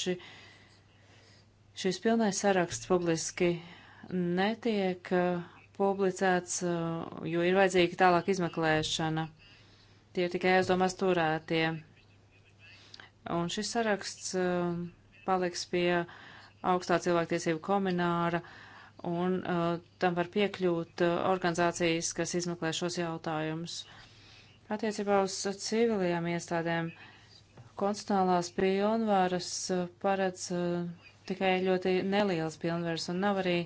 taču šis pilnais saraksts publiski netiek uh, publicēts, uh, jo ir vajadzīga tālāk izmeklēšana. Tie ir tikai aizdomās turētie. Un šis saraksts uh, paliks pie augstā cilvēktiesību komināra, un uh, tam var piekļūt uh, organizācijas, kas izmeklē šos jautājumus. Attiecībā uz civilajām iestādēm uh, konstitucionālās pilnvaras eh, paredz eh, tikai ļoti nelielas pilnvaras un nav arī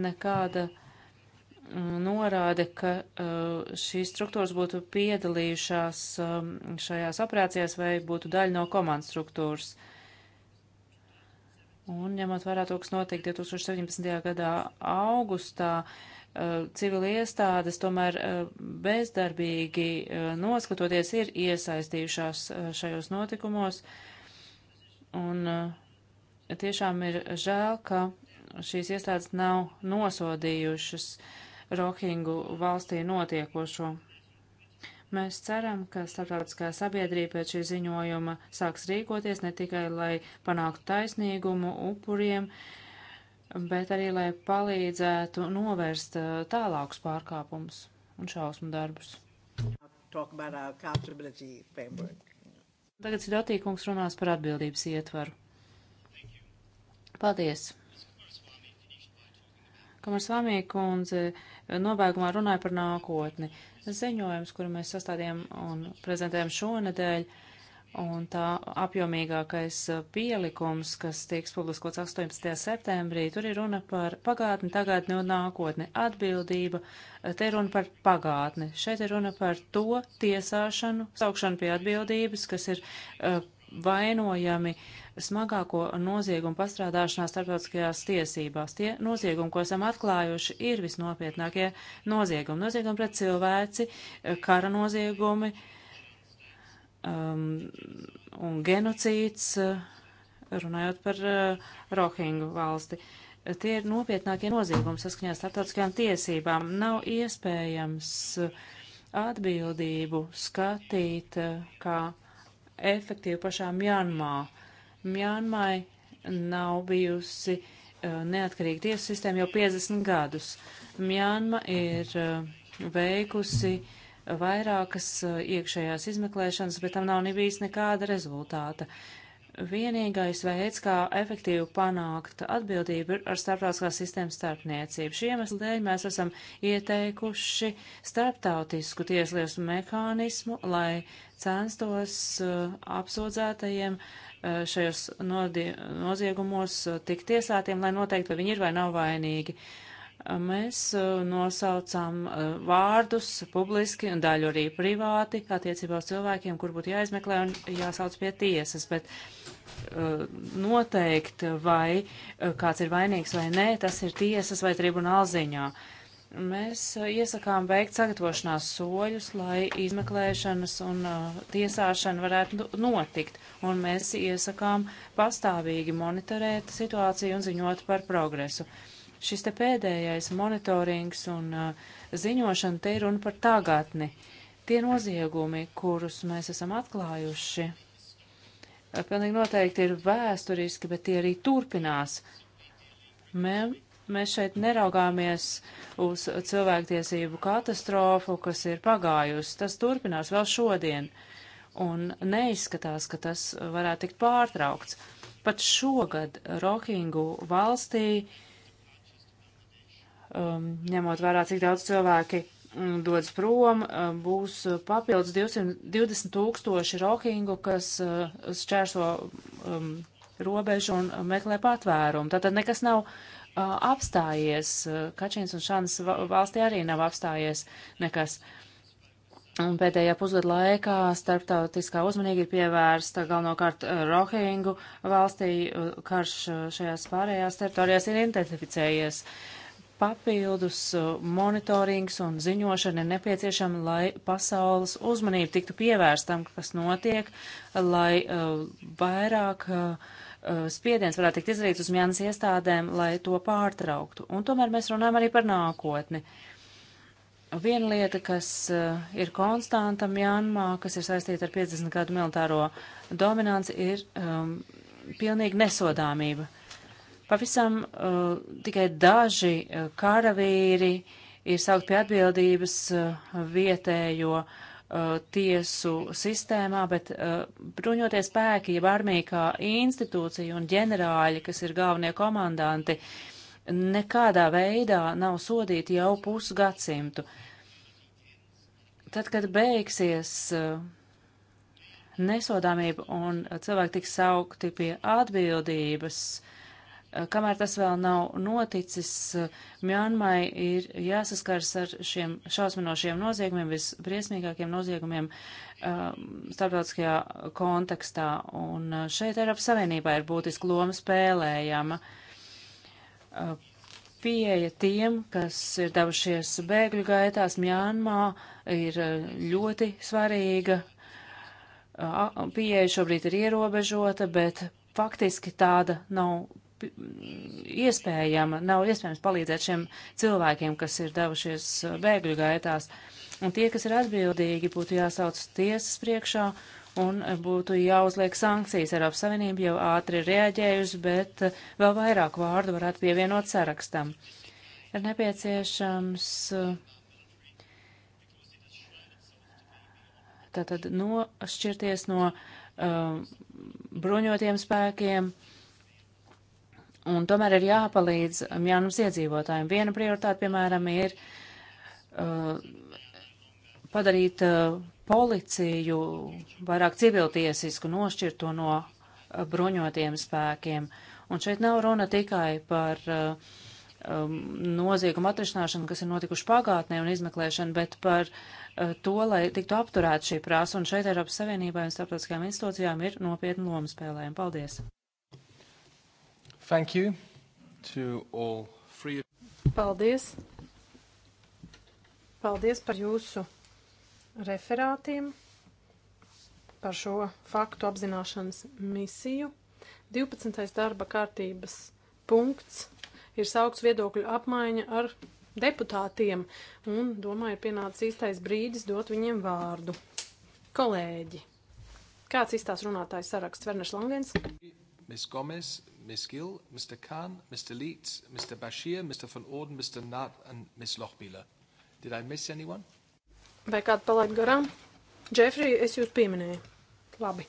nekāda mm, norāde, ka eh, šīs struktūras būtu piedalījušās šajās operācijās vai būtu daļa no komandas struktūras. Un ņemot vērā to, kas notika 2017. gadā augustā, uh, Eh, civili iestādes tomēr eh, bezdarbīgi eh, noskatoties ir iesaistījušās šajos notikumos. Un tiešām ir žēl, ka šīs iestādes nav nosodījušas Rohingu valstī notiekošo. Mēs ceram, ka starptautiskā sabiedrība pēc šī ziņojuma sāks rīkoties ne tikai, lai panāktu taisnīgumu upuriem, uh, bet arī, lai palīdzētu novērst uh, tālākus pārkāpumus un šausmu darbus. Tagad Sidotīkungs runās par atbildības ietvaru. Paldies! Kamarsvāmī kundze nobeigumā runāja par nākotni. Ziņojums, kuru mēs sastādījām un prezentējām šonedēļ, uh, Un tā apjomīgākais uh, pielikums, kas tiks publiskots 18. septembrī, tur ir runa par pagātni, tagadni un nākotni. Atbildība, uh, te ir runa par pagātni. Šeit ir runa par to tiesāšanu, saukšanu pie atbildības, kas ir uh, vainojami smagāko noziegumu pastrādāšanā starptautiskajās tiesībās. Tie noziegumi, ko esam atklājuši, ir visnopietnākie noziegumi. Noziegumi pret cilvēci, uh, kara noziegumi. Uh, um, un genocīds, uh, runājot par uh, Rohingu valsti. Tie ir nopietnākie noziegumi saskaņā starptautiskajām tiesībām. Nav iespējams uh, atbildību skatīt uh, kā efektīvu pašā Mjanmā. Mjanmai nav bijusi uh, neatkarīga tiesu sistēma jau 50 gadus. Mjanma ir uh, veikusi uh, vairākas eh, iekšējās izmeklēšanas, bet tam nav bijis nekāda rezultāta. Vienīgais veids, kā efektīvi panākt atbildību, ir ar starptautiskās sistēmas starpniecību. Šī iemesla dēļ mēs esam ieteikuši starptautisku tieslietu mehānismu, lai censtos uh, apsūdzētajiem uh, šajos noziegumos uh, tik tiesātiem, lai noteikti, vai viņi ir vai nav vainīgi. Uh, mēs nosaucām vārdus publiski un daļu arī privāti attiecībā uz cilvēkiem, kur būtu jāizmeklē un jāsauc pie tiesas, bet noteikt, vai kāds ir vainīgs vai nē, tas ir tiesas vai tribunāla ziņā. Mēs iesakām veikt sagatavošanās soļus, lai izmeklēšanas un uh, tiesāšana varētu notikt, un mēs iesakām pastāvīgi monitorēt situāciju un ziņot par progresu. Uh, Šis te pēdējais monitorings un uh, ziņošana te ir runa par tagadni. Tie noziegumi, kurus mēs esam atklājuši, uh, pilnīgi noteikti ir vēsturiski, bet tie arī turpinās. Mē, mēs šeit neraugāmies uz cilvēktiesību katastrofu, kas ir pagājusi. Tas turpinās vēl šodien un neizskatās, ka tas varētu tikt pārtraukts. Pat šogad Rohingu valstī uh, um, ņemot vērā, cik daudz cilvēki mm, dodas prom, um, būs papildus 220 tūkstoši rohingu, kas uh, šķērso um, robežu un meklē patvērumu. Tātad nekas nav uh, apstājies. Uh, Kačins un Šāns valstī arī nav apstājies nekas. Un pēdējā pusgada laikā starptautiskā uzmanība ir pievērsta galvenokārt uh, Rohingu valstī. Karš šajās pārējās teritorijās ir intensificējies. Uh, papildus uh, monitorings un ziņošana ir nepieciešama, lai pasaules uzmanība tiktu pievērstam, kas notiek, lai uh, vairāk uh, uh spiediens varētu tikt izdarīts uz mjānas iestādēm, lai to pārtrauktu. Un tomēr mēs runājam arī par nākotni. Viena lieta, kas uh, ir konstanta Mjanmā, kas ir saistīta ar 50 gadu militāro dominanci, ir um, pilnīgi nesodāmība. Uh, Pavisam uh, tikai daži uh, karavīri ir saukt pie atbildības uh, vietējo uh, tiesu sistēmā, bet uh, bruņoties spēki, jeb armija kā institūcija un ģenerāļi, kas ir galvenie komandanti, nekādā veidā nav sodīti jau pusgadsimtu. Tad, kad beigsies uh, nesodāmība un cilvēki tiks saukti pie atbildības, uh, Eh, kamēr tas vēl nav noticis, eh, Mjanmai ir jāsaskars ar šiem šausminošiem noziegumiem, visbriesmīgākiem noziegumiem eh, starptautiskajā kontekstā. Un šeit Eiropas Savienībā ir būtiski loma spēlējama pieeja tiem, kas ir devušies bēgļu gaitās Mjānmā, ir ļoti svarīga. Pieeja šobrīd ir ierobežota, bet faktiski tāda nav iespējama, nav iespējams palīdzēt šiem cilvēkiem, kas ir devušies uh, bēgļu gaitās. Un tie, kas ir atbildīgi, būtu jāsauc tiesas priekšā un uh, būtu jāuzliek sankcijas. Eiropas Savienība jau ātri ir reaģējusi, bet uh, vēl vairāk vārdu varētu pievienot sarakstam. Ir nepieciešams tātad nošķirties no um, bruņotiem spēkiem. Uh, Un tomēr ir jāpalīdz um, jaunums iedzīvotājiem. Viena prioritāte, piemēram, ir uh, padarīt uh, policiju vairāk civiltiesisku, nošķirt to no uh, bruņotiem spēkiem. Un šeit nav runa tikai par uh, um, noziegumu atrisināšanu, kas ir notikuši pagātnē un izmeklēšanu, bet par uh, to, lai tiktu apturēta šī prasa. Un šeit Eiropas Savienībai un starptautiskajām institūcijām ir nopietna loma spēlējama. Paldies! Thank you to all three. Paldies. Paldies par jūsu referātiem, par šo faktu apzināšanas misiju. 12. darba kārtības punkts ir saukts viedokļu apmaiņa ar deputātiem, un, domāju, ir pienācis īstais brīdis dot viņiem vārdu. Kolēģi, kāds izstās runātājs saraksts Verners Langens? Ms. Gomez, Ms. Gill, Mr. Khan, Mr. Leitz, Mr. Bashir, Mr. Van Orden, Mr. Nutt, and Ms. Lochbieler. Did I miss anyone? Vai kādu palaid garām? Džefrī, es jūs pieminēju. Labi.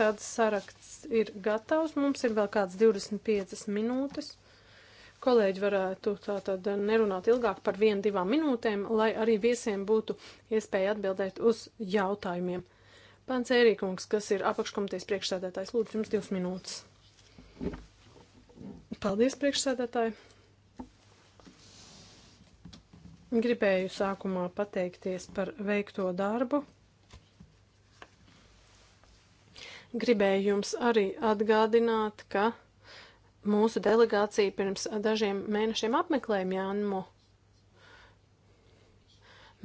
Tad saraksts ir gatavs. Mums ir vēl kāds 25 minūtes. Kolēģi varētu tātad nerunāt ilgāk par vienu, divām minūtēm, lai arī viesiem būtu iespēja atbildēt uz jautājumiem. Pants Ērīkungs, kas ir apakškomitejas priekšsēdētājs, lūdzu jums divas minūtes. Paldies, priekšsēdētāji! Gribēju sākumā pateikties par veikto darbu. Gribēju jums arī atgādināt, ka mūsu delegācija pirms dažiem mēnešiem apmeklēja Jānmu.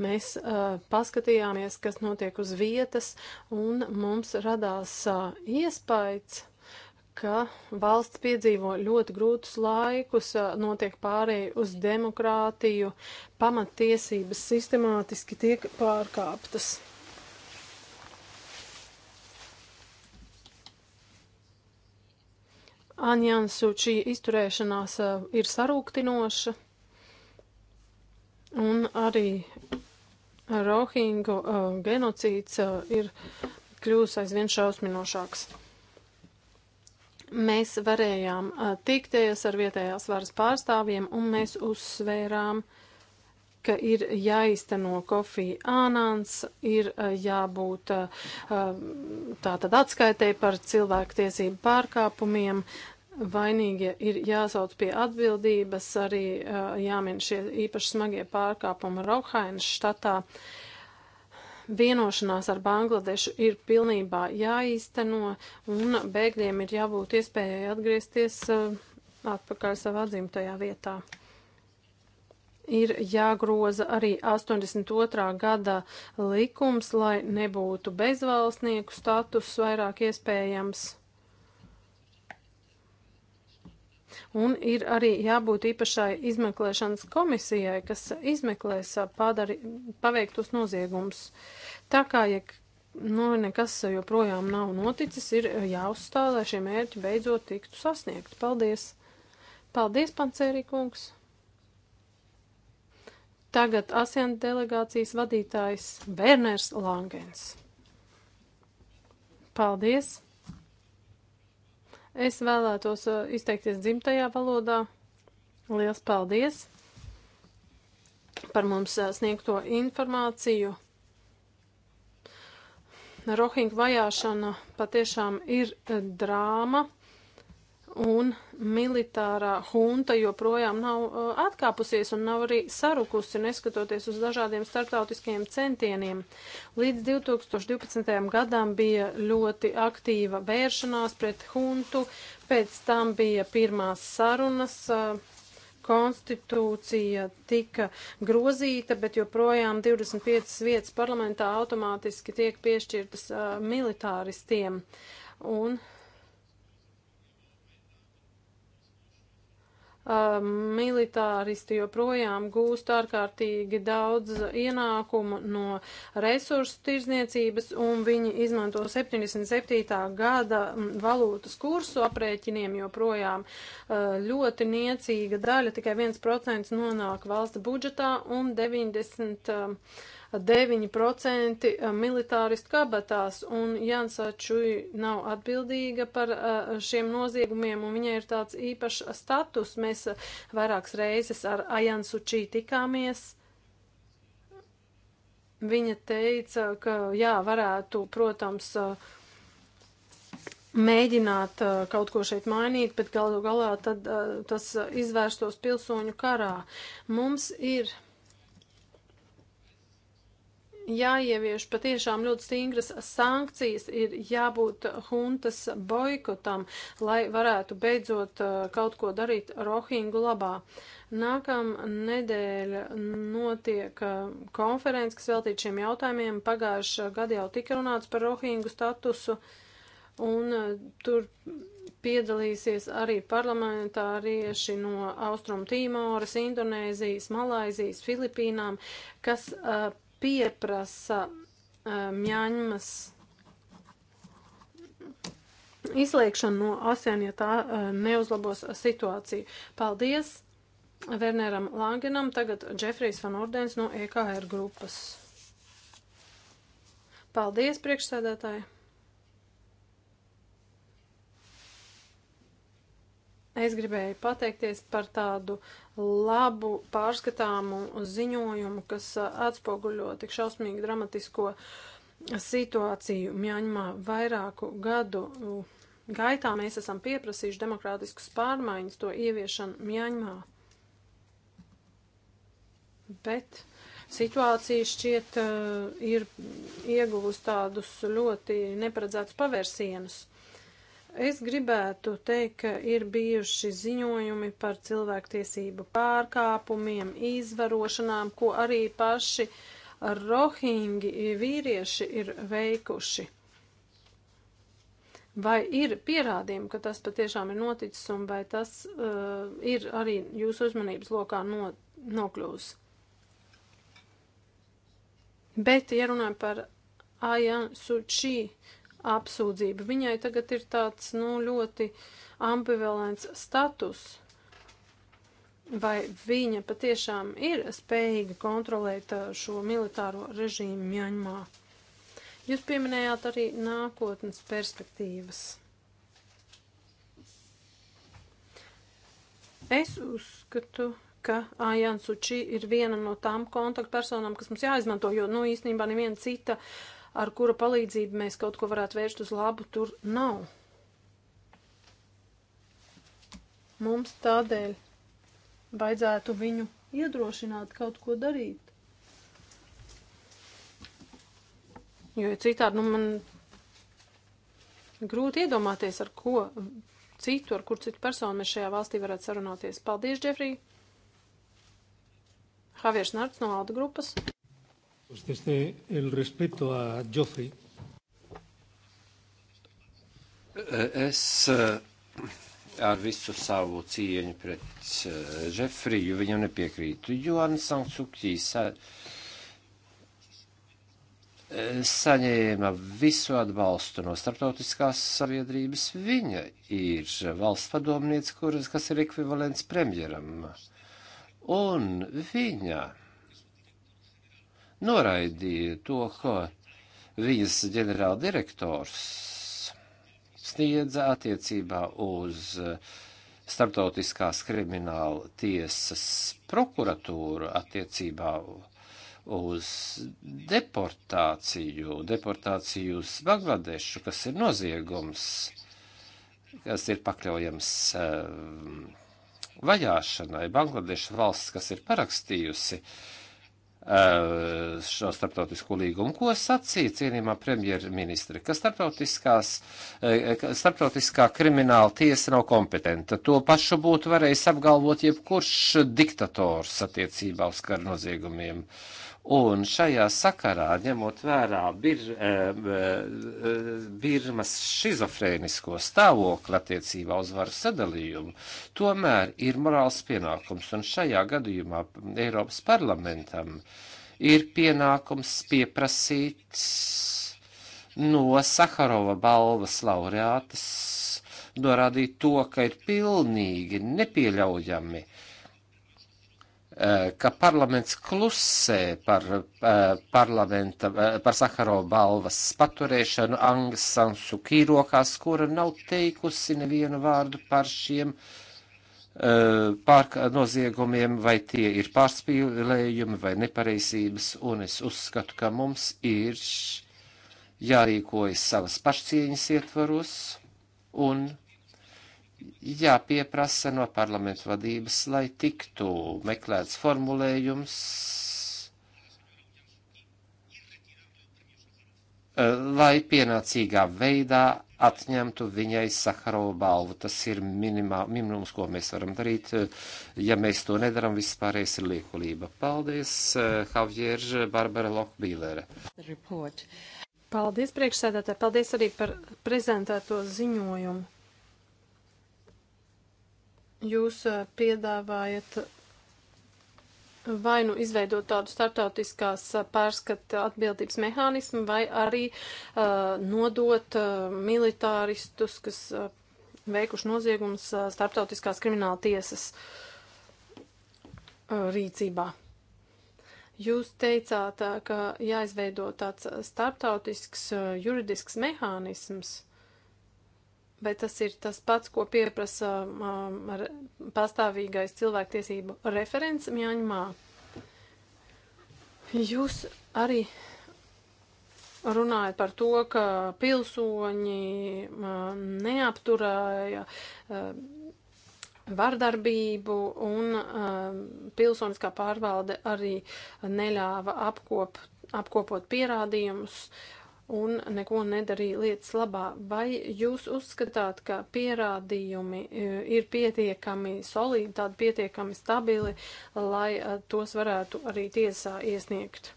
Mēs uh, paskatījāmies, kas notiek uz vietas, un mums radās uh, iespējas, ka valsts piedzīvo ļoti grūtus laikus, uh, notiek pārēji uz demokrātiju, pamattiesības sistemātiski tiek pārkāptas. Aņjansu šī izturēšanās uh, ir sarūktinoša, un arī Rohingu uh, genocīds uh, ir kļūs aizvien šausminošāks. Mēs varējām uh, tikties ar vietējās varas pārstāvjiem un mēs uzsvērām, ka ir jāizteno Kofi Ānāns, ir uh, jābūt uh, uh, tātad atskaitē par cilvēktiesību pārkāpumiem, vainīgie ir jāsauc pie atbildības, arī jāmin šie īpaši smagie pārkāpumi Rauhainas štatā. Vienošanās ar Bangladešu ir pilnībā jāīsteno, un bēgļiem ir jābūt iespējai atgriezties atpakaļ savā dzimtajā vietā. Ir jāgroza arī 82. gada likums, lai nebūtu bezvalstnieku status vairāk iespējams. Un ir arī jābūt īpašai izmeklēšanas komisijai, kas izmeklēs padari, paveiktos noziegumus. Tā kā, ja nu, nekas joprojām nav noticis, ir jāuzstāv, lai šie mērķi beidzot tiktu sasniegti. Paldies! Paldies, Pancērī kungs! Tagad ASEAN delegācijas vadītājs Werners Langens. Paldies! Es vēlētos uh, izteikties dzimtajā valodā. Liels paldies par mums uh, sniegto informāciju. Rohingvajāšana patiešām ir uh, drāma un militārā hunta joprojām nav uh, atkāpusies un nav arī sarukusi, neskatoties uz dažādiem starptautiskajiem centieniem. Līdz 2012. gadam bija ļoti aktīva vēršanās pret huntu, pēc tam bija pirmās sarunas. Uh, konstitūcija tika grozīta, bet joprojām 25 vietas parlamentā automātiski tiek piešķirtas uh, militāristiem. Un uh, militāristi joprojām gūst ārkārtīgi daudz ienākumu no resursu tirzniecības, un viņi izmanto 77. gada valūtas kursu aprēķiniem joprojām ļoti niecīga daļa, tikai 1% nonāk valsts budžetā un 90 9% eh, militāristu kabatās, un Jansa Čuji nav atbildīga par eh, šiem noziegumiem, un viņai ir tāds īpašs status. Mēs eh, vairākas reizes ar Ajansu Čī tikāmies. Viņa teica, ka jā, varētu, protams, mēģināt uh, kaut ko šeit mainīt, bet galu galā tad uh, tas izvērstos pilsoņu karā. Mums ir jāievieš patiešām ļoti stingras sankcijas, ir jābūt huntas boikotam, lai varētu beidzot uh, kaut ko darīt Rohingu labā. Nākam nedēļa notiek uh, konferences, kas veltīt šiem jautājumiem. Pagājušā gada jau tika runāts par Rohingu statusu, un uh, tur piedalīsies arī parlamentārieši no Austrum Tīmoras, Indonēzijas, Malaizijas, Filipīnām, kas uh, pieprasa eh, Mjaņmas izliekšanu no ASEAN, ja tā eh, neuzlabos situāciju. Paldies Werneram Langenam, tagad Džefrijs Van Ordens no EKR grupas. Paldies, priekšsēdētāji! Es gribēju pateikties par tādu labu pārskatāmu ziņojumu, kas atspoguļo tik šausmīgi dramatisko situāciju Mjaņmā vairāku gadu. Gaitā mēs esam pieprasījuši demokrātiskus pārmaiņas, to ieviešanu Mjaņmā. Bet situācija šķiet ir ieguvusi tādus ļoti neparedzētus pavērsienus. Es gribētu teikt, ka ir bijuši ziņojumi par cilvēktiesību pārkāpumiem, izvarošanām, ko arī paši rohingi vīrieši ir veikuši. Vai ir pierādījumi, ka tas patiešām ir noticis, un vai tas uh, ir arī jūsu uzmanības lokā no, nokļūs? Bet, ja runājam par Ajan Suči, apsūdzība. Viņai tagad ir tāds, nu, ļoti ambivalents status. Vai viņa patiešām ir spējīga kontrolēt uh, šo militāro režīmu Mjaņmā? Jūs pieminējāt arī nākotnes perspektīvas. Es uzskatu, ka Ajāns Uči ir viena no tām kontaktpersonām, kas mums jāizmanto, jo, nu, īstenībā neviena cita uh, ar kura palīdzību mēs kaut ko varētu vērst uz labu, tur nav. Mums tādēļ vajadzētu viņu iedrošināt kaut ko darīt. Jo ja citādi, nu, man grūti iedomāties, ar ko citu, ar kur citu personu mēs šajā valstī varētu sarunāties. Paldies, Džefrī! Havieris Nārts no Alda grupas. Pues desde el respeto a Joffrey. Eh, es eh, ar visu savu cieņu pret Džefriju eh, viņam nepiekrītu. Joana Sanktsukī sa, saņēma visu atbalstu no starptautiskās sabiedrības. Viņa ir valsts padomniece, kuras, kas ir ekvivalents premjeram. Un viņa noraidīja to, ko viņas ģenerāldirektors sniedza attiecībā uz eh, starptautiskās krimināla tiesas prokuratūru attiecībā uz deportāciju, deportāciju uz Bangladešu, kas ir noziegums, kas ir pakļaujams um, vajāšanai. Bangladeša valsts, kas ir parakstījusi uh, Eh, šo starptautisko līgumu. Ko sacīja cienījumā premjerministri, eh, ka starptautiskā krimināla tiesa nav kompetenta. To pašu būtu varējis apgalvot jebkurš diktators attiecībā uz karu noziegumiem. Uh, Un šajā sakarā, ņemot vērā bir, eh, eh, Birmas šizofrēnisko stāvokli attiecībā uz varu sadalījumu, tomēr ir morāls pienākums, un šajā gadījumā Eiropas parlamentam ir pienākums pieprasīt no Sakarova balvas laureātes norādīt to, ka ir pilnīgi nepieļaujami uh, Eh, ka parlaments klusē par, eh, parlamenta, eh, par Sakaro balvas paturēšanu Angas Sansukī rokās, kura nav teikusi nevienu vārdu par šiem pār noziegumiem, vai tie ir pārspīlējumi vai nepareizības, un es uzskatu, ka mums ir jārīkojas savas pašcieņas ietvaros un jāpieprasa no parlamentu vadības, lai tiktu meklēts formulējums, eh, lai pienācīgā veidā atņemtu viņai Saharovu balvu. Tas ir minimā, minimums, ko mēs varam darīt. Eh, ja mēs to nedaram, viss pārējais ir liekulība. Paldies, eh, Javiež, Barbara Lokbīlere. Paldies, priekšsēdētāji. Paldies arī par prezentēto ziņojumu. Jūs piedāvājat vai nu izveidot tādu startautiskās pārskata atbildības mehānismu, vai arī uh, nodot uh, militāristus, kas uh, veikuši noziegumus uh, starptautiskās krimināla tiesas uh, rīcībā. Jūs teicāt, uh, ka jāizveido tāds starptautisks uh, juridisks mehānisms bet tas ir tas pats, ko pieprasa um, pastāvīgais cilvēktiesību referents Mjaņmā. Jūs arī runājat par to, ka pilsoņi um, neapturēja um, vardarbību un um, pilsoniskā pārvalde arī neļāva apkop, apkopot pierādījumus. Uh, un neko nedarīja lietas labā. Vai jūs uzskatāt, ka pierādījumi e, ir pietiekami solīdi, tādi pietiekami stabili, lai e, tos varētu arī tiesā iesniegt?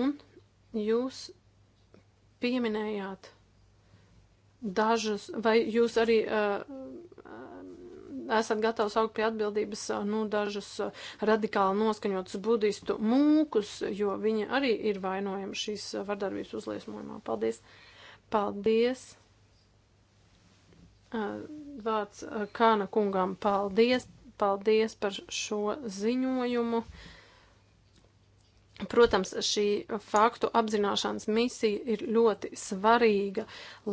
Un jūs pieminējāt dažus, vai jūs arī uh, esat gatavs augt pie atbildības nu, dažus radikāli noskaņotus budistu mūkus, jo viņi arī ir vainojami šīs vardarbības uzliesmojumā. Paldies! Paldies! Vārds Kāna kungām paldies! Paldies par šo ziņojumu! Protams, šī faktu apzināšanas misija ir ļoti svarīga,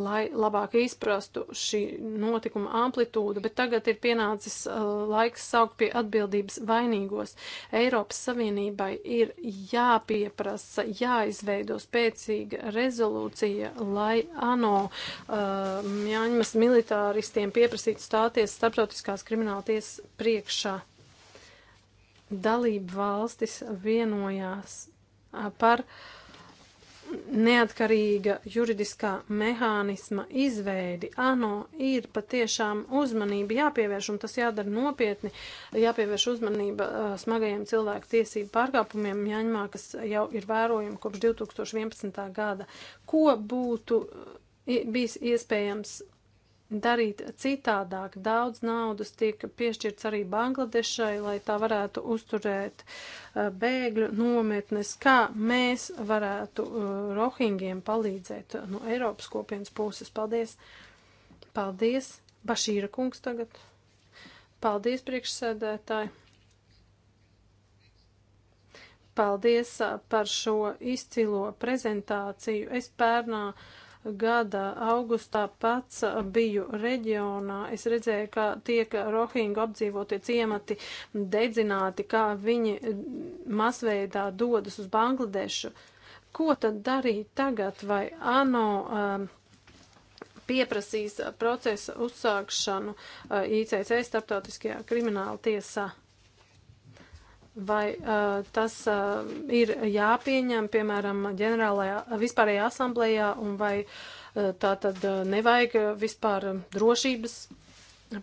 lai labāk izprastu šī notikuma amplitūdu, bet tagad ir pienācis uh, laiks saukt pie atbildības vainīgos. Eiropas Savienībai ir jāpieprasa, jāizveido spēcīga rezolūcija, lai ANO uh, Mjaņmas militāristiem pieprasītu stāties starptautiskās krimināla tiesas priekšā dalību valstis vienojās par neatkarīga juridiskā mehānisma izveidi. ANO ir patiešām uzmanība jāpievērš, un tas jādara nopietni, jāpievērš uzmanība smagajiem cilvēku tiesību pārkāpumiem Jaņmā, kas jau ir vērojama kopš 2011. gada. Ko būtu bijis iespējams darīt citādāk. Daudz naudas tiek piešķirts arī Bangladešai, lai tā varētu uzturēt uh, bēgļu nometnes. Kā mēs varētu uh, rohingiem palīdzēt uh, no Eiropas kopienas puses? Paldies! Paldies! Bašīra kungs tagad! Paldies, priekšsēdētāji! Paldies par šo izcilo prezentāciju. Es pērnā uh, gada augustā pats biju reģionā. Es redzēju, kā tiek rohingu apdzīvotie ciemati dedzināti, kā viņi masveidā dodas uz Bangladešu. Ko tad darīt tagad vai ANO? Um, pieprasīs procesa uzsākšanu uh, ICC starptautiskajā krimināla tiesā. Vai uh, tas uh, ir jāpieņem, piemēram, ģenerālajā vispārējā asamblējā, un vai uh, tā tad uh, nevajag vispār drošības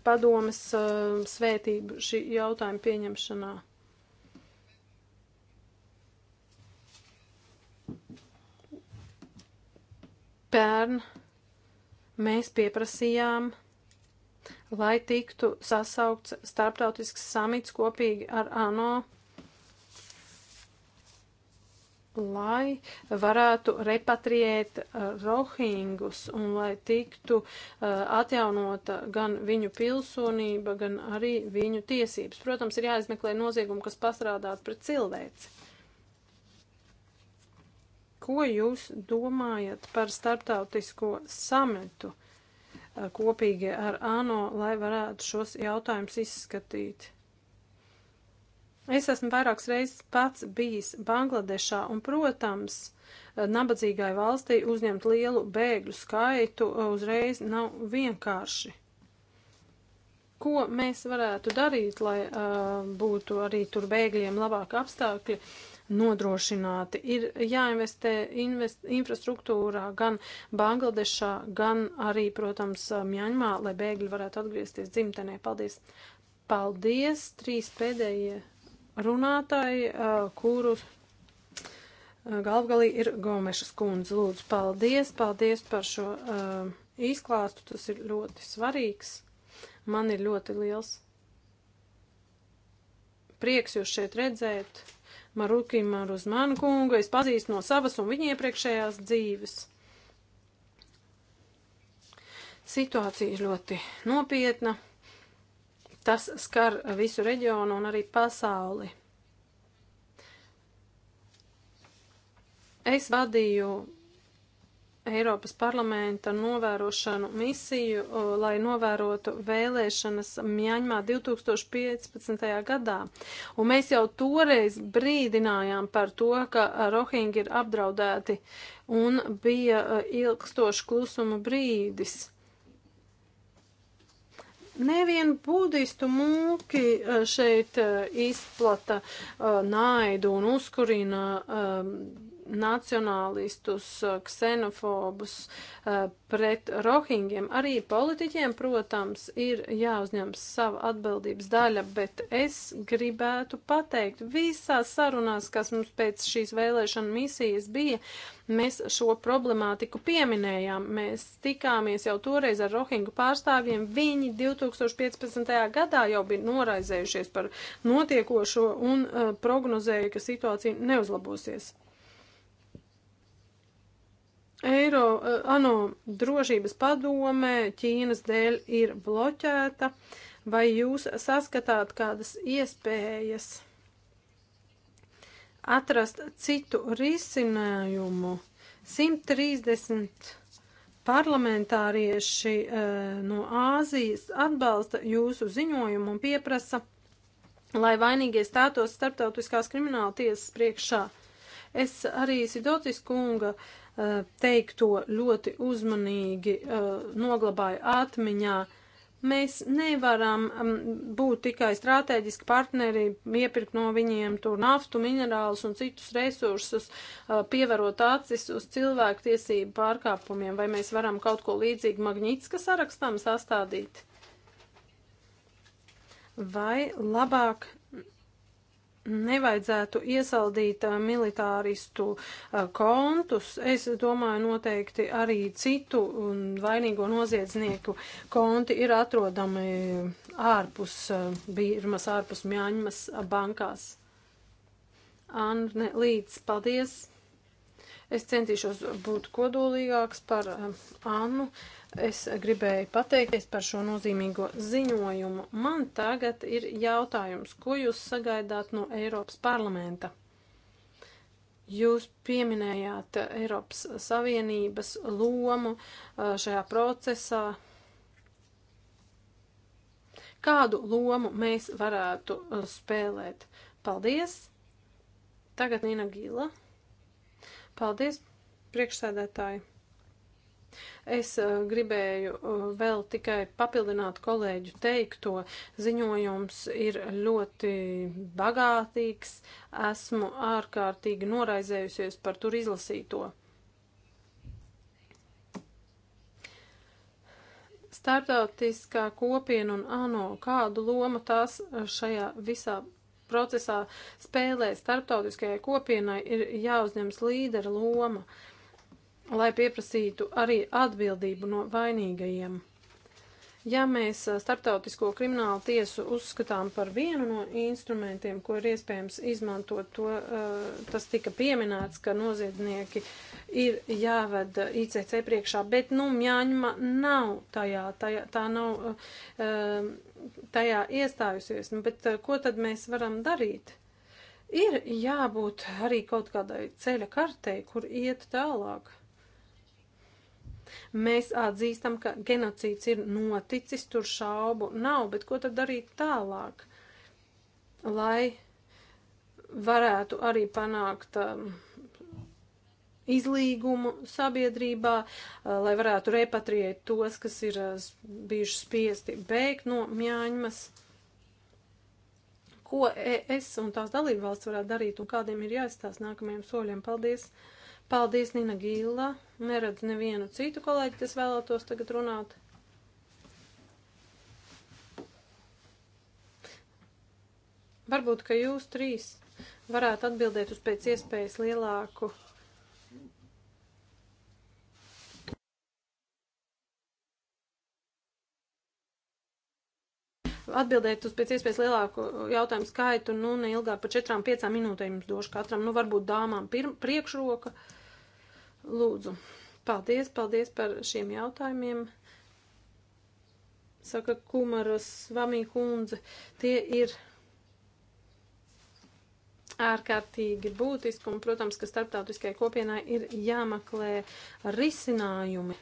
padomas uh, svētību šī jautājuma pieņemšanā? Pērn mēs pieprasījām lai tiktu sasaukts starptautisks samits kopīgi ar ANO lai varētu repatriēt uh, rohingus un lai tiktu uh, atjaunota gan viņu pilsonība, gan arī viņu tiesības. Protams, ir jāizmeklē noziegumi, kas pastrādāt pret cilvēci. Ko jūs domājat par starptautisko sametu uh, kopīgi ar ANO, lai varētu šos jautājumus izskatīt? Es esmu vairākas reizes pats bijis Bangladešā un, protams, nabadzīgai valstī uzņemt lielu bēgļu skaitu uzreiz nav vienkārši. Ko mēs varētu darīt, lai uh, būtu arī tur bēgļiem labāk apstākļi? Uh, nodrošināti. Ir jāinvestē invest, infrastruktūrā gan Bangladešā, gan arī, protams, Mjaņmā, lai bēgļi varētu atgriezties dzimtenē. Paldies! Paldies! Trīs pēdējie runātāji, eh, kuru eh, galvgalī ir Gomešas kundze. Lūdzu, paldies, paldies par šo eh, izklāstu, tas ir ļoti svarīgs. Man ir ļoti liels prieks jūs šeit redzēt. Maruki Maruzmanu kungu es pazīstu no savas un viņa iepriekšējās dzīves. Situācija ir ļoti nopietna. Tas skar visu reģionu un arī pasauli. Es vadīju Eiropas parlamenta novērošanu misiju, lai novērotu vēlēšanas Mjaņmā 2015. gadā. Un mēs jau toreiz brīdinājām par to, ka Rohingi ir apdraudēti un bija ilgstoši klusuma brīdis. Nevien budistu mūki eh, šeit eh, izplata eh, naidu un uzkurina nacionālistus, ksenofobus eh, pret rohingiem. Arī politiķiem, protams, ir jāuzņems sava atbildības daļa, bet es gribētu pateikt, visās sarunās, kas mums pēc šīs vēlēšana misijas bija, mēs šo problemātiku pieminējām. Mēs tikāmies jau toreiz ar rohingu pārstāvjiem. Viņi 2015. gadā jau bija noraizējušies par notiekošo un uh, eh, prognozēja, ka situācija neuzlabosies. Eiro, eh, ANO drošības padomē Ķīnas dēļ ir bloķēta. Vai jūs saskatāt kādas iespējas atrast citu risinājumu? 130 parlamentārieši e, no Āzijas atbalsta jūsu ziņojumu un pieprasa, lai vainīgie stātos starptautiskās krimināla tiesas priekšā. Es arī Sidotis kunga eh, teikto ļoti uzmanīgi eh, noglabāju atmiņā. Mēs nevaram mm, būt tikai strateģiski partneri, iepirkt no viņiem tur naftu, minerālus un citus resursus, eh, pievarot acis uz cilvēku tiesību pārkāpumiem, vai mēs varam kaut ko līdzīgu Magnitska sarakstam sastādīt. Vai labāk nevajadzētu iesaldīt militāristu kontus. Es domāju, noteikti arī citu vainīgo noziedznieku konti ir atrodami ārpus Birmas, ārpus Mjaņmas bankās. Anne Līdz, paldies! Es centīšos būt kodolīgāks par um, Annu. Es gribēju pateikties par šo nozīmīgo ziņojumu. Man tagad ir jautājums, ko jūs sagaidāt no Eiropas parlamenta? Jūs pieminējāt Eiropas Savienības lomu uh, šajā procesā. Kādu lomu mēs varētu uh, spēlēt? Paldies! Tagad Nina Gila. Paldies, priekšsēdētāji! Es uh, gribēju uh, vēl tikai papildināt kolēģu teikto. Ziņojums ir ļoti bagātīgs. Esmu ārkārtīgi noraizējusies par tur izlasīto. Startautiskā kopiena un ANO, kādu lomu tās šajā visā procesā spēlē starptautiskajai kopienai ir jāuzņems līdera loma, lai pieprasītu arī atbildību no vainīgajiem. Ja mēs starptautisko kriminālu tiesu uzskatām par vienu no instrumentiem, ko ir iespējams izmantot, to, tas tika pieminēts, ka noziedznieki ir jāved ICC priekšā, bet, nu, mjāņma nav tajā, tajā tā nav. Uh, tajā iestājusies, nu, bet eh, ko tad mēs varam darīt? Ir jābūt arī kaut kādai ceļa kartei, kur iet tālāk. Mēs atzīstam, ka genocīds ir noticis, tur šaubu nav, bet ko tad darīt tālāk, lai varētu arī panākt um, izlīgumu sabiedrībā, lai varētu repatriēt tos, kas ir bijuši spiesti bēgt no Mjāņmas. Ko es un tās dalību valsts varētu darīt un kādiem ir jāizstās nākamajiem soļiem? Paldies! Paldies, Nina Gīla! Neredz nevienu citu kolēģi, kas vēlētos tagad runāt. Varbūt, ka jūs trīs varētu atbildēt uz pēc iespējas lielāku atbildēt uz pēc iespējas lielāku jautājumu skaitu, nu, ne ilgāk par četrām, piecām minūtēm jums došu katram, nu, varbūt dāmām pirm, priekšroka. Lūdzu, paldies, paldies par šiem jautājumiem. Saka Kumaras Vamī kundze, tie ir ārkārtīgi būtiski un, protams, ka starptautiskajai kopienai ir jāmeklē risinājumi.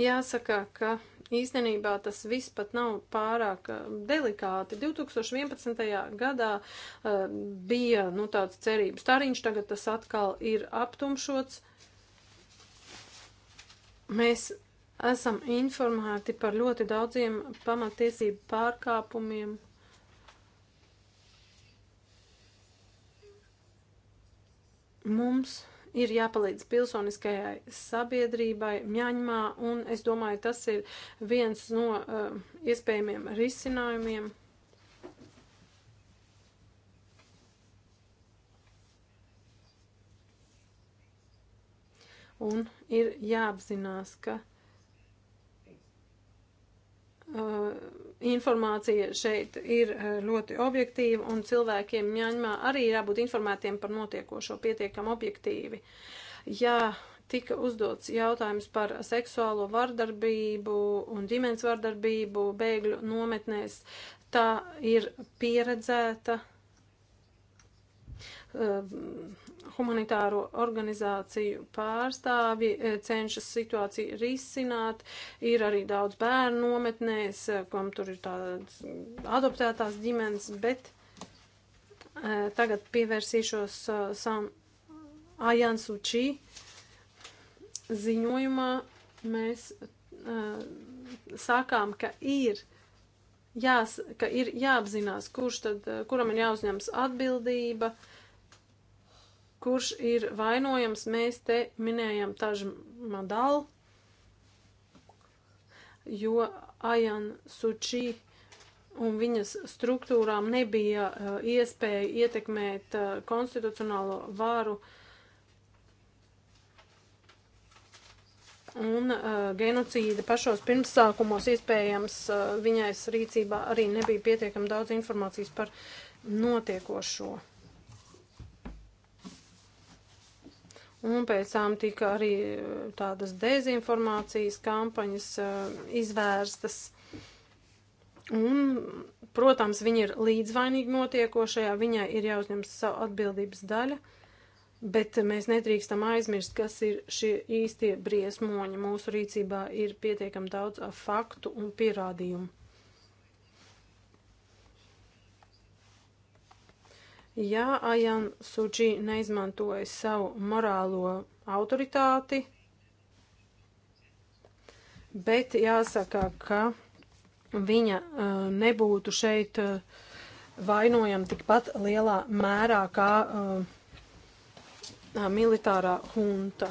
Jāsaka, ka īstenībā tas viss pat nav pārāk um, delikāti. 2011. gadā uh, bija nu, tāds cerības stariņš, tagad tas atkal ir aptumšots. Mēs esam informēti par ļoti daudziem pamatiesību pārkāpumiem. Mums ir jāpalīdz pilsoniskajai sabiedrībai Mjaņmā, un es domāju, tas ir viens no uh, iespējamiem risinājumiem. Un ir jāapzinās, ka uh, informācija šeit ir eh, ļoti objektīva, un cilvēkiem Mjaņmā arī jābūt informētiem par notiekošo pietiekam objektīvi. Jā, tika uzdots jautājums par seksuālo vardarbību un ģimenes vardarbību bēgļu nometnēs. Tā ir pieredzēta Ehm, humanitāro organizāciju pārstāvi e, cenšas situāciju risināt. Ir arī daudz bērnu nometnēs, e, kam tur ir tādas adoptētās ģimenes, bet e, tagad pievērsīšos savam Ajan Suči ziņojumā. Mēs sākām, ka ir jās, ka ir jāapzinās, kurš tad, kuram ir jāuzņems atbildība, uh, kurš ir vainojams. Mēs te minējam Tažu Madalu, jo Ajan Sučī un viņas struktūrām nebija uh, iespēja ietekmēt uh, konstitucionālo vāru. Un uh, genocīda pašos pirmsākumos iespējams uh, viņais rīcībā arī nebija pietiekami daudz informācijas par notiekošo. Un pēc tam tika arī eh, tādas dezinformācijas kampaņas uh, izvērstas. Un, protams, viņa ir līdzvainīga notiekošajā, viņai ir jāuzņemas savu atbildības daļu, bet mēs nedrīkstam aizmirst, kas ir šie īstie briesmoņi. Mūsu rīcībā ir pietiekam daudz eh, faktu un pierādījumu. Ja Ajan Suģi neizmantoja savu morālo autoritāti, bet jāsaka, ka viņa uh, nebūtu šeit uh, vainojama tikpat lielā mērā kā uh, militārā hunta.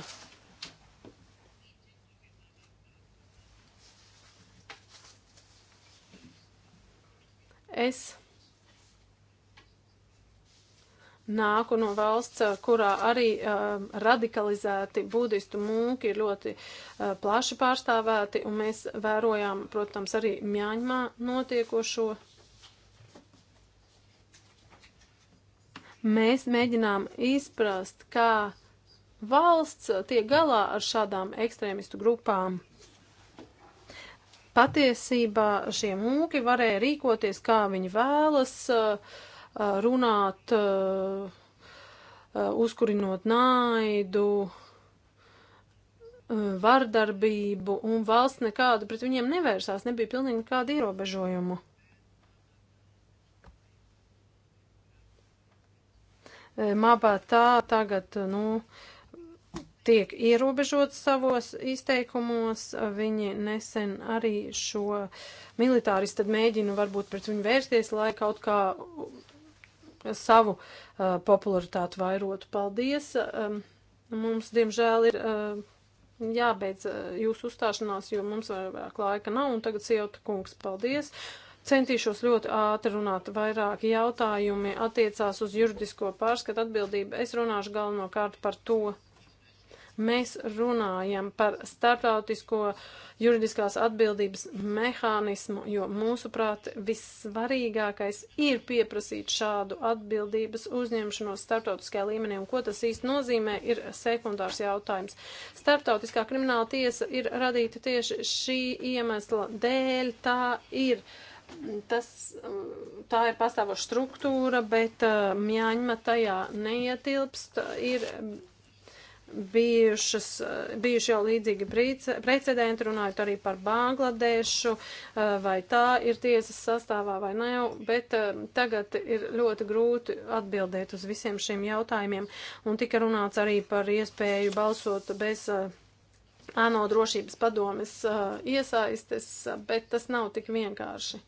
Es nāku no valsts, kurā arī uh, radikalizēti budistu mūki ir ļoti uh, plaši pārstāvēti, un mēs vērojām, protams, arī Mjaņmā notiekošo. Mēs mēģinām izprast, kā valsts tiek galā ar šādām ekstrēmistu grupām. Patiesībā šie mūki varēja rīkoties, kā viņi vēlas, uh, Eh, runāt, eh, eh, uzkurinot naidu, vardarbību, un valsts nekādu pret viņiem nevērsās, nebija pilnīgi nekādu ierobežojumu. Māpā tā tagad, nu, tiek ierobežots savos izteikumos, viņi nesen arī šo militāristu mēģina varbūt pret viņu vērsties, lai kaut kā savu uh, popularitāti vairotu. Paldies! Um, mums, diemžēl, ir uh, jābeidz uh, jūsu uzstāšanās, jo mums vairāk laika nav, un tagad sievta kungs, paldies! Centīšos ļoti ātri runāt. Vairāki jautājumi attiecās uz juridisko pārskatu atbildību. Es runāšu galvenokārt par to, Mēs runājam par starptautisko juridiskās atbildības mehānismu, jo mūsuprāt vissvarīgākais ir pieprasīt šādu atbildības uzņemšanos starptautiskajā līmenī, un ko tas īsti nozīmē, ir sekundārs jautājums. Starptautiskā krimināla tiesa ir radīta tieši šī iemesla dēļ, tā ir tas, tā ir pastāvoša struktūra, bet uh, mjaņma tajā neietilpst. Ir bijušas, eh, bijuši jau līdzīgi precedenti, runājot arī par Bangladešu, eh, vai tā ir tiesas sastāvā vai nē, bet eh, tagad ir ļoti grūti atbildēt uz visiem šiem jautājumiem. Un tika runāts arī par iespēju balsot bez ANO drošības padomes iesaistes, bet tas nav tik vienkārši.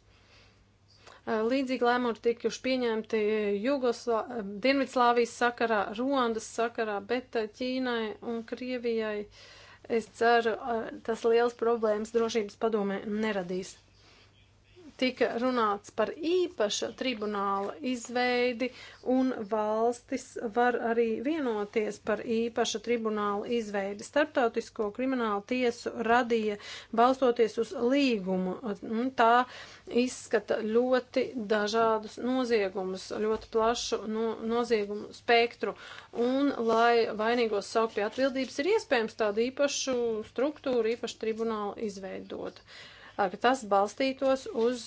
Eh, līdzīgi lēmumi ir tikuši pieņemti eh, Jugoslā, eh, Dienvidslāvijas sakarā, Ruandas sakarā, bet Ķīnai un Krievijai, es ceru, tas liels problēmas drošības padomē neradīs tika runāts par īpaša tribunāla izveidi, un valstis var arī vienoties par īpaša tribunāla izveidi. Startautisko kriminālu tiesu radīja balstoties uz līgumu. Tā izskata ļoti dažādus noziegumus, ļoti plašu no, noziegumu spektru. Un, lai vainīgos saukt pie atbildības, ir iespējams tādu īpašu struktūru, īpašu tribunālu izveidot. Uh, ka tas balstītos uz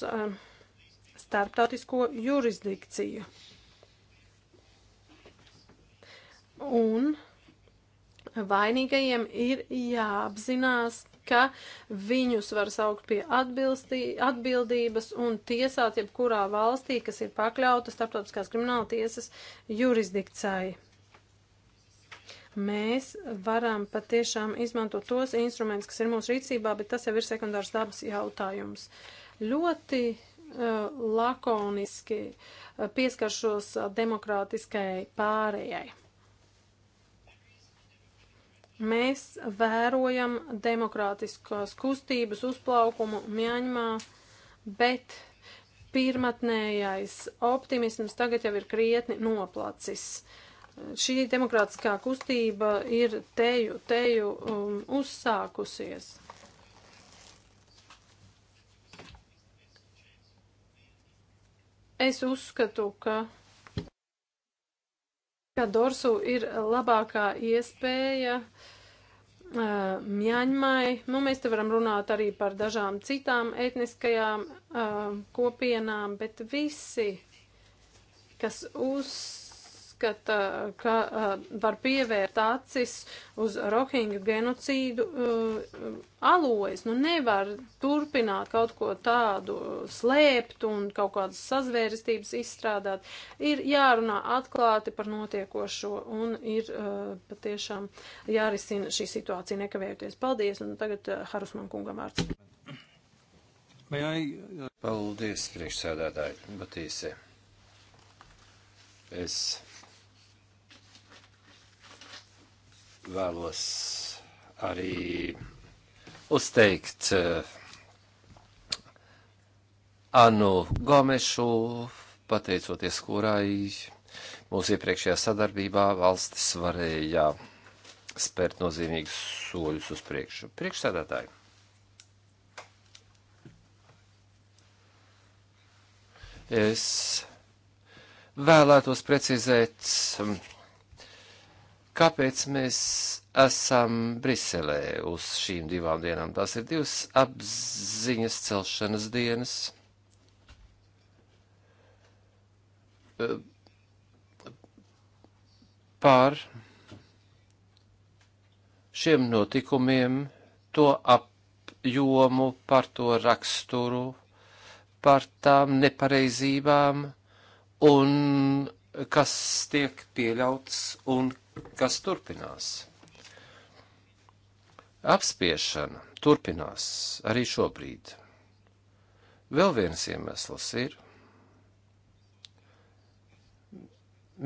starptautisko jurisdikciju. Un vainīgajiem ir jāapzinās, ka viņus var saukt pie atbildības un tiesāt jebkurā valstī, kas ir pakļauta starptautiskās krimināla tiesas jurisdikcijai mēs varam patiešām izmantot tos instrumentus, kas ir mūsu rīcībā, bet tas jau ir sekundārs dabas jautājums. Ļoti uh, lakoniski uh, pieskaršos uh, demokrātiskai pārējai. Mēs vērojam demokrātiskās kustības uzplaukumu Mjaņmā, bet pirmatnējais optimisms tagad jau ir krietni noplacis. Uh, Šī demokrātiskā kustība ir teju, teju um, uzsākusies. Es uzskatu, ka ka Dorsu ir labākā iespēja uh, Mjaņmai. Nu, mēs te varam runāt arī par dažām citām etniskajām uh, kopienām, bet visi, kas uz uzskata, ka uh, var pievērt acis uz rohingu genocīdu uh, alojas. Nu, nevar turpināt kaut ko tādu eh, slēpt un kaut kādas sazvērestības izstrādāt. Ir jārunā atklāti par notiekošo un ir uh, patiešām jārisina šī situācija nekavējoties. Paldies, un tagad uh, Harusman kungam vārds. Uh, Paldies, priekšsēdētāji, Batīsē. Es vēlos arī uzteikt eh, Anu Gomešu, pateicoties kurai mūsu iepriekšējā sadarbībā valstis varēja spērt nozīmīgus soļus uz priekšu. Priekšsēdētāji! Es vēlētos precizēt kāpēc mēs esam Briselē uz šīm divām dienām. Tās ir divas apziņas celšanas dienas. Pār šiem notikumiem, to apjomu, par to raksturu, par tām nepareizībām un kas tiek pieļauts un kas turpinās. Apspiešana turpinās arī šobrīd. Vēl viens iemesls ir.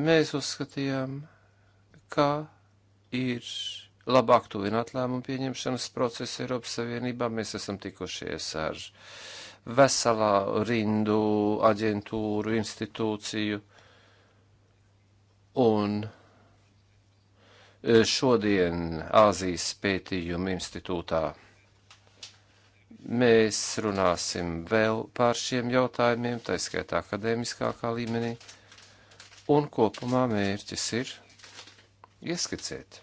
Mēs uzskatījām, ka ir labāk tuvināt lēmumu pieņemšanas procesu Eiropas Savienībā. Mēs esam tikušies ar veselā rindu aģentūru, institūciju un E, šodien Āzijas pētījuma institūtā. Mēs runāsim vēl par šiem jautājumiem, taiskaitā akadēmiskākā līmenī, un kopumā mērķis ir ieskicēt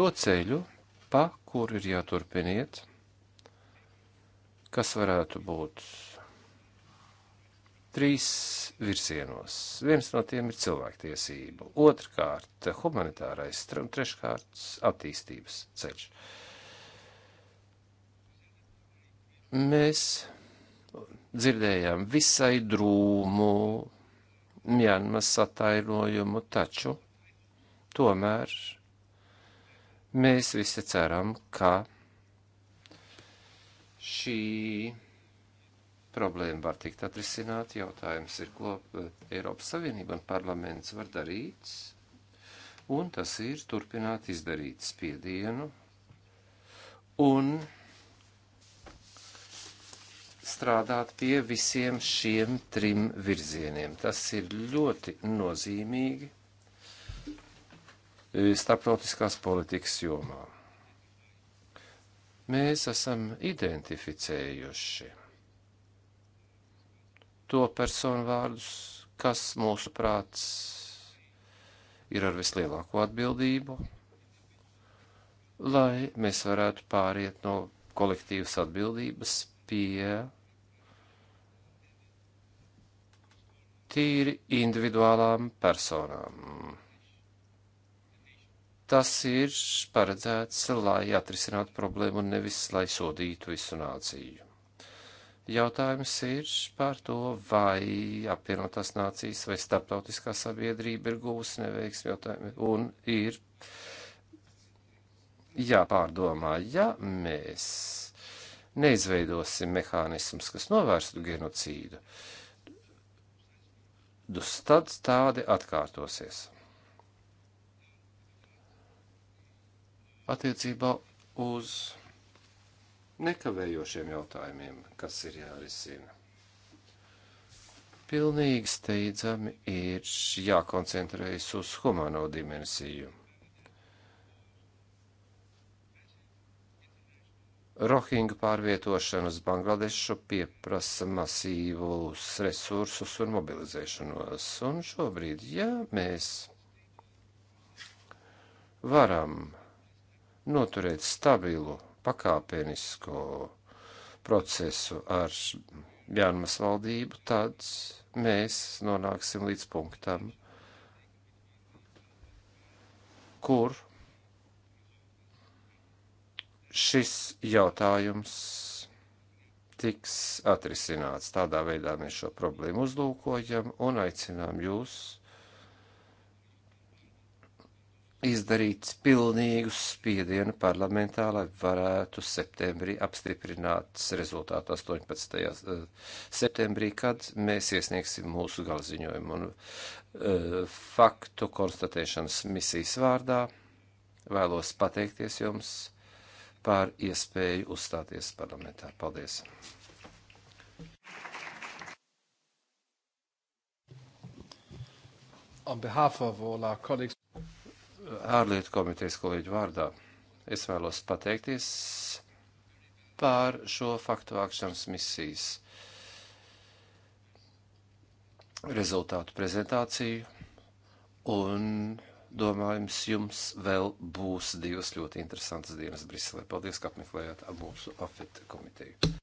to ceļu, pa kuru ir jāturpiniet, kas varētu būt trīs virzienos. Viens no tiem ir cilvēktiesība, otrkārt humanitārais, un treškārt attīstības ceļš. Mēs dzirdējām visai drūmu Mjanmas atainojumu, taču tomēr mēs visi ceram, ka šī problēma var tikt atrisināt. Jautājums ir, ko eh, Eiropas Savienība un parlaments var darīt, un tas ir turpināt izdarīt spiedienu un strādāt pie visiem šiem trim virzieniem. Tas ir ļoti nozīmīgi eh, starptautiskās politikas jomā. Mēs esam identificējuši to personu vārdus, kas mūsu prāts ir ar vislielāko atbildību, lai mēs varētu pāriet no kolektīvas atbildības pie tīri individuālām personām. Tas ir paredzēts, lai atrisinātu problēmu un nevis, lai sodītu visu nāciju. Jautājums ir par to, vai apvienotās nācijas vai starptautiskā sabiedrība ir gūsi neveiksmi jautājumi un ir jāpārdomā, ja mēs neizveidosim mehānismus, kas novērstu genocīdu, tad tādi atkārtosies. Attiecībā uz nekavējošiem jautājumiem, kas ir jārisina. Pilnīgi steidzami ir jākoncentrējas uz humano dimensiju. Rohingu pārvietošana uz Bangladešu pieprasa masīvus resursus un mobilizēšanos, un šobrīd, ja mēs varam noturēt stabilu pakāpenisko procesu ar Bjārmas valdību, tad mēs nonāksim līdz punktam, kur šis jautājums tiks atrisināts. Tādā veidā mēs šo problēmu uzlūkojam un aicinām jūs izdarīt pilnīgu spiedienu parlamentā, lai varētu septembrī apstiprināt rezultātu 18. Eh, septembrī, kad mēs iesniegsim mūsu galziņojumu un uh, faktu konstatēšanas misijas vārdā. Vēlos pateikties jums par iespēju uzstāties parlamentā. Paldies! On behalf of all our colleagues ārlietu komitejas kolēģu vārdā. Es vēlos pateikties pār šo faktu vākšanas misijas rezultātu prezentāciju, un domājams, jums vēl būs divas ļoti interesantas dienas Briselē. Paldies, ka apmeklējāt mūsu afet komiteju.